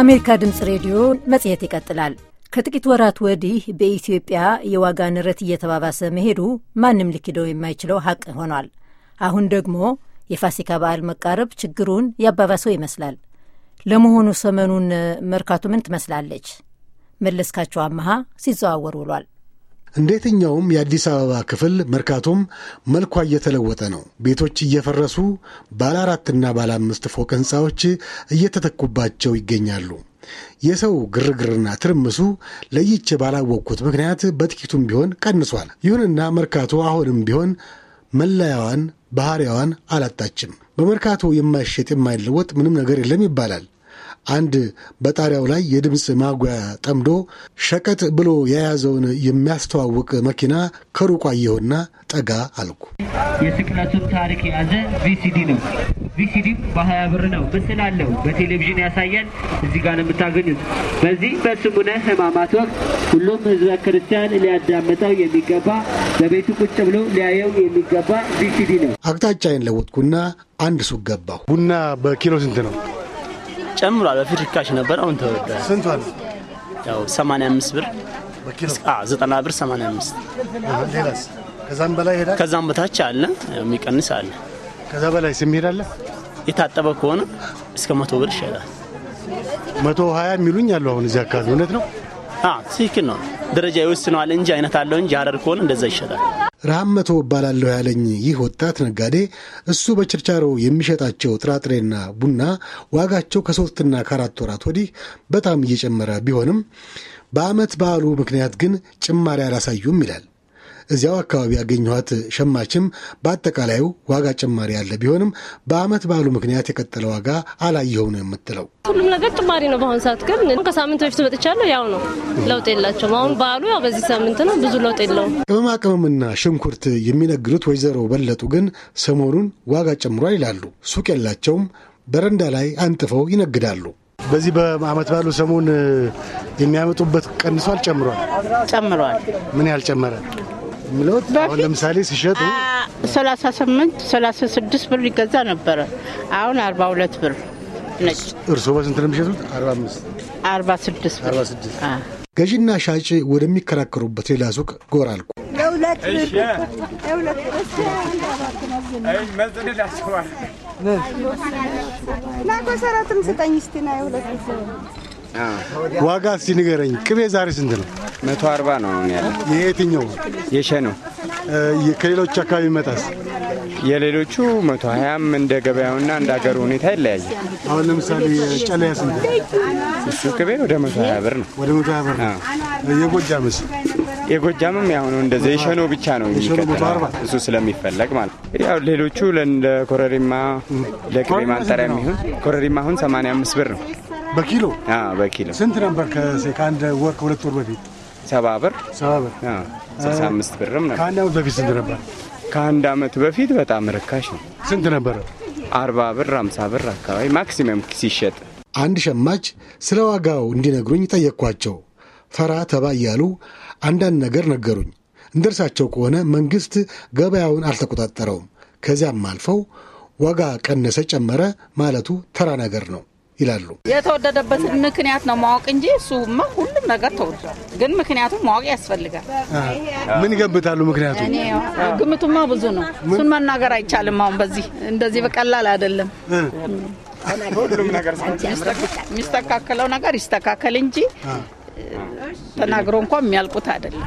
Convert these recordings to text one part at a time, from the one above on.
ከአሜሪካ ድምፅ ሬዲዮ መጽሔት ይቀጥላል። ከጥቂት ወራት ወዲህ በኢትዮጵያ የዋጋ ንረት እየተባባሰ መሄዱ ማንም ሊክደው የማይችለው ሀቅ ሆኗል። አሁን ደግሞ የፋሲካ በዓል መቃረብ ችግሩን ያባባሰው ይመስላል። ለመሆኑ ሰመኑን መርካቶ ምን ትመስላለች? መለስካቸው አመሃ ሲዘዋወር ውሏል። እንዴትኛውም የአዲስ አበባ ክፍል መርካቶም መልኳ እየተለወጠ ነው። ቤቶች እየፈረሱ ባለ አራትና ባለ አምስት ፎቅ ህንፃዎች እየተተኩባቸው ይገኛሉ። የሰው ግርግርና ትርምሱ ለይቼ ባላወቅኩት ምክንያት በጥቂቱም ቢሆን ቀንሷል። ይሁንና መርካቶ አሁንም ቢሆን መለያዋን ባህሪያዋን አላጣችም። በመርካቶ የማይሸጥ የማይለወጥ ምንም ነገር የለም ይባላል። አንድ በጣሪያው ላይ የድምፅ ማጉያ ጠምዶ ሸቀጥ ብሎ የያዘውን የሚያስተዋውቅ መኪና ከሩቅ አየሁና ጠጋ አልኩ። የስቅለቱን ታሪክ የያዘ ቪሲዲ ነው። ቪሲዲ በሀያ ብር ነው። ምስል አለው። በቴሌቪዥን ያሳያል። እዚህ ጋር ነው የምታገኙት። በዚህ በስሙነ ህማማት ወቅት ሁሉም ህዝበ ክርስቲያን ሊያዳምጠው የሚገባ በቤቱ ቁጭ ብሎ ሊያየው የሚገባ ቪሲዲ ነው። አቅጣጫዬን ለወጥኩና አንድ ሱቅ ገባሁ። ቡና በኪሎ ስንት ነው? ጨምሯል። በፊት ርካሽ ነበር፣ አሁን ተወደ። ስንት ሆነ? ያው 85 ብር ዘጠና ብር 85 ከዛም በላይ ሄዳል። ከዛም በታች አለ የሚቀንስ አለ። ከዛ በላይ ስም አለ። የታጠበ ከሆነ እስከ መቶ ብር ይሻላል። መቶ ሀያ የሚሉኝ አሉ አሁን እዚህ አካባቢ። እውነት ነው? ትክክል ነው። ደረጃ ይወስነዋል እንጂ አይነት አለው እንጂ ሀረር ከሆነ እንደዛ ይሸጣል። ረሃብ መቶ እባላለሁ ያለኝ ይህ ወጣት ነጋዴ እሱ በችርቻሮ የሚሸጣቸው ጥራጥሬና ቡና ዋጋቸው ከሶስትና ከአራት ወራት ወዲህ በጣም እየጨመረ ቢሆንም በዓመት በዓሉ ምክንያት ግን ጭማሪ አላሳዩም ይላል። እዚያው አካባቢ ያገኘኋት ሸማችም በአጠቃላዩ ዋጋ ጭማሪ ያለ ቢሆንም በአመት በዓሉ ምክንያት የቀጠለ ዋጋ አላየው ነው የምትለው። ሁሉም ነገር ጭማሪ ነው። በአሁኑ ሰዓት ግን ከሳምንት በፊት መጥቻለሁ። ያው ነው፣ ለውጥ የላቸውም። አሁን በዓሉ ያው በዚህ ሳምንት ነው፣ ብዙ ለውጥ የለውም። ቅመማ ቅመምና ሽንኩርት የሚነግዱት ወይዘሮ በለጡ ግን ሰሞኑን ዋጋ ጨምሯል ይላሉ። ሱቅ የላቸውም፣ በረንዳ ላይ አንጥፈው ይነግዳሉ። በዚህ በአመት ባሉ ሰሞን የሚያመጡበት ቀንሷል? ጨምሯል? ጨምሯል። ምን ያህል ጨመረ? ምለት አሁን ለምሳሌ ሲሸጡ 38 36 ብር ይገዛ ነበረ። አሁን 42 ብር ነች። እርስዎ በስንት ነው የሚሸጡት? 45 46 ብር። 46 ገዢና ሻጭ ወደሚከራከሩበት ሌላ ሱቅ ጎራ አልኩ። ዋጋ ሲንገረኝ ንገረኝ። ቅቤ ዛሬ ስንት ነው? መቶ አርባ ነው ያለ። የየትኛው የሸ ነው? ከሌሎች አካባቢ መጣስ የሌሎቹ መቶ ሀያም እንደ ገበያውና እንደ ሀገሩ ሁኔታ ይለያየ። አሁን ለምሳሌ ጨለያ ስንት? እሱ ቅቤ ወደ መቶ ሀያ ብር ነው። ወደ መቶ ሀያ ብር ነው። የጎጃምስ? የጎጃምም ያሁኑ እንደዚህ የሸኖ ብቻ ነው የሚቀጥለው እሱ ስለሚፈለግ ማለት ያው ሌሎቹ ለኮረሪማ ለቅቤ ማንጠሪያ የሚሆን ኮረሪማ አሁን ሰማንያ አምስት ብር ነው በኪሎ በኪሎ። ስንት ነበር ከአንድ ወር ከሁለት ወር በፊት? ሰባ ብር ስልሳ አምስት ብርም ነበር። ከአንድ አመት በፊት ስንት ነበር? ከአንድ በፊት በጣም ርካሽ ነው። ስንት ነበረ? አርባ ብር አምሳ ብር አካባቢ ማክሲመም ሲሸጥ። አንድ ሸማች ስለ ዋጋው እንዲነግሩኝ ጠየቅኳቸው። ፈራ ተባ እያሉ አንዳንድ ነገር ነገሩኝ። እንደርሳቸው ከሆነ መንግስት ገበያውን አልተቆጣጠረውም። ከዚያም አልፈው ዋጋ ቀነሰ ጨመረ ማለቱ ተራ ነገር ነው። ይላሉ። የተወደደበትን ምክንያት ነው ማወቅ እንጂ እሱማ ሁሉም ነገር ተወዷል። ግን ምክንያቱም ማወቅ ያስፈልጋል። ምን ይገምታሉ? ምክንያቱ ግምቱማ ብዙ ነው። እሱን መናገር አይቻልም። አሁን በዚህ እንደዚህ በቀላል አይደለም። ነገር የሚስተካከለው ነገር ይስተካከል እንጂ ተናግሮ እንኳን የሚያልቁት አይደለም።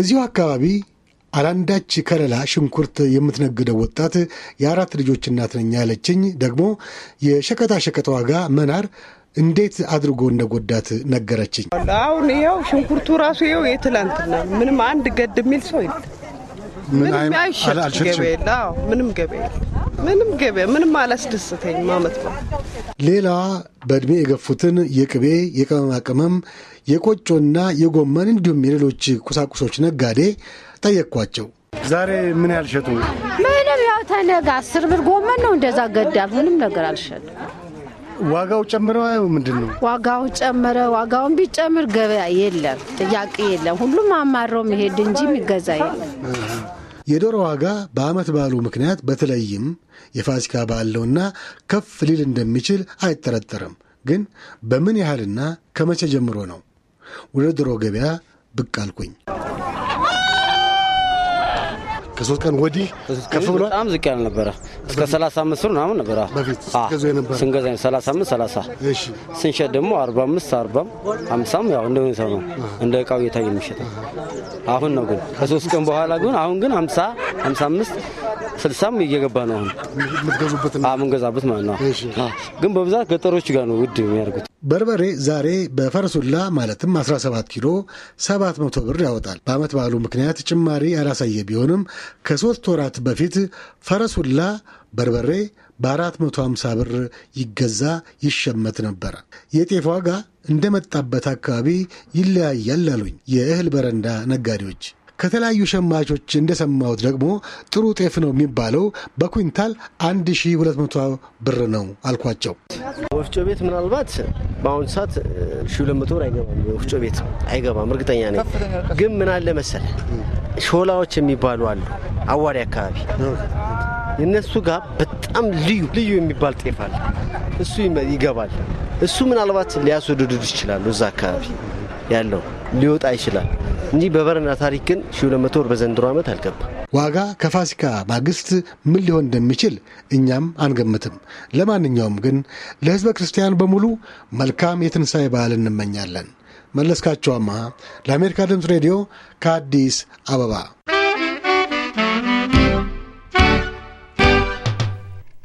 እዚሁ አካባቢ አላንዳች ከለላ ሽንኩርት የምትነግደው ወጣት የአራት ልጆች እናት ነኝ ያለችኝ ደግሞ የሸቀጣሸቀጥ ዋጋ መናር እንዴት አድርጎ እንደጎዳት ነገረችኝ። አሁን ይኸው ሽንኩርቱ ራሱ ይኸው የትላንትና ምንም አንድ ገድ የሚል ሰው የለ። ምንም ገበያ ምንም ገበያ ምንም አላስደስተኝ ማመት ነው ሌላዋ በእድሜ የገፉትን የቅቤ፣ የቅመማ ቅመም፣ የቆጮና የጎመን እንዲሁም የሌሎች ቁሳቁሶች ነጋዴ ጠየቅኳቸው። ዛሬ ምን ያልሸጡ ምንም ያው ተነጋ አስር ብር ጎመን ነው እንደዛ ገዳል። ምንም ነገር አልሸጥም። ዋጋው ጨምረ ምንድን ነው ዋጋው ጨምረ ዋጋውን ቢጨምር ገበያ የለም፣ ጥያቄ የለም። ሁሉም አማረው መሄድ እንጂ የሚገዛ የለም። የዶሮ ዋጋ በዓመት በዓሉ ምክንያት በተለይም የፋሲካ በዓል ነውና ከፍ ሊል እንደሚችል አይጠረጠርም። ግን በምን ያህልና ከመቼ ጀምሮ ነው? ወደ ዶሮ ገበያ ብቅ አልኩኝ። ከሶስት ቀን ወዲህ ከፍ ብሏል። በጣም ዝቅ ያለ ነበረ። እስከ 35 ብር ምናምን ነበረ በፊት ስንገዛ 35 30። እሺ ስንሸጥ ደግሞ 45 40 50 ያው እንደ ሁኔታው ነው፣ እንደ እቃው እየታየ የሚሸጠው አሁን ነው። ግን ከሶስት ቀን በኋላ ግን አሁን ግን 50 55 ስልሳም እየገባ ነው አሁን ማለት ነው። ግን በብዛት ገጠሮች ጋር ነው ውድ የሚያደርጉት። በርበሬ ዛሬ በፈረሱላ ማለትም 17 ኪሎ 700 ብር ያወጣል። በዓመት በዓሉ ምክንያት ጭማሪ ያላሳየ ቢሆንም ከሶስት ወራት በፊት ፈረሱላ በርበሬ በ450 ብር ይገዛ ይሸመት ነበር። የጤፍ ዋጋ እንደመጣበት አካባቢ ይለያያል አሉኝ የእህል በረንዳ ነጋዴዎች። ከተለያዩ ሸማቾች እንደሰማሁት ደግሞ ጥሩ ጤፍ ነው የሚባለው በኩንታል 1200 ብር ነው አልኳቸው። ወፍጮ ቤት ምናልባት በአሁኑ ሰዓት 1200 ብር አይገባም፣ ወፍጮ ቤት አይገባም። እርግጠኛ ነኝ ግን ምን አለ መሰለ ሾላዎች የሚባሉ አሉ አዋሪ አካባቢ እነሱ ጋር በጣም ልዩ ልዩ የሚባል ጤፍ አለ። እሱ ይገባል። እሱ ምናልባት ሊያስወድዱት ይችላሉ። እዛ አካባቢ ያለው ሊወጣ ይችላል። እንጂ በበረና ታሪክ ግን ሺ ሁለት በዘንድሮ ዓመት አልገባ። ዋጋ ከፋሲካ ማግስት ምን ሊሆን እንደሚችል እኛም አንገምትም። ለማንኛውም ግን ለህዝበ ክርስቲያን በሙሉ መልካም የትንሣኤ በዓል እንመኛለን። መለስካቸው አማሃ ለአሜሪካ ድምፅ ሬዲዮ ከአዲስ አበባ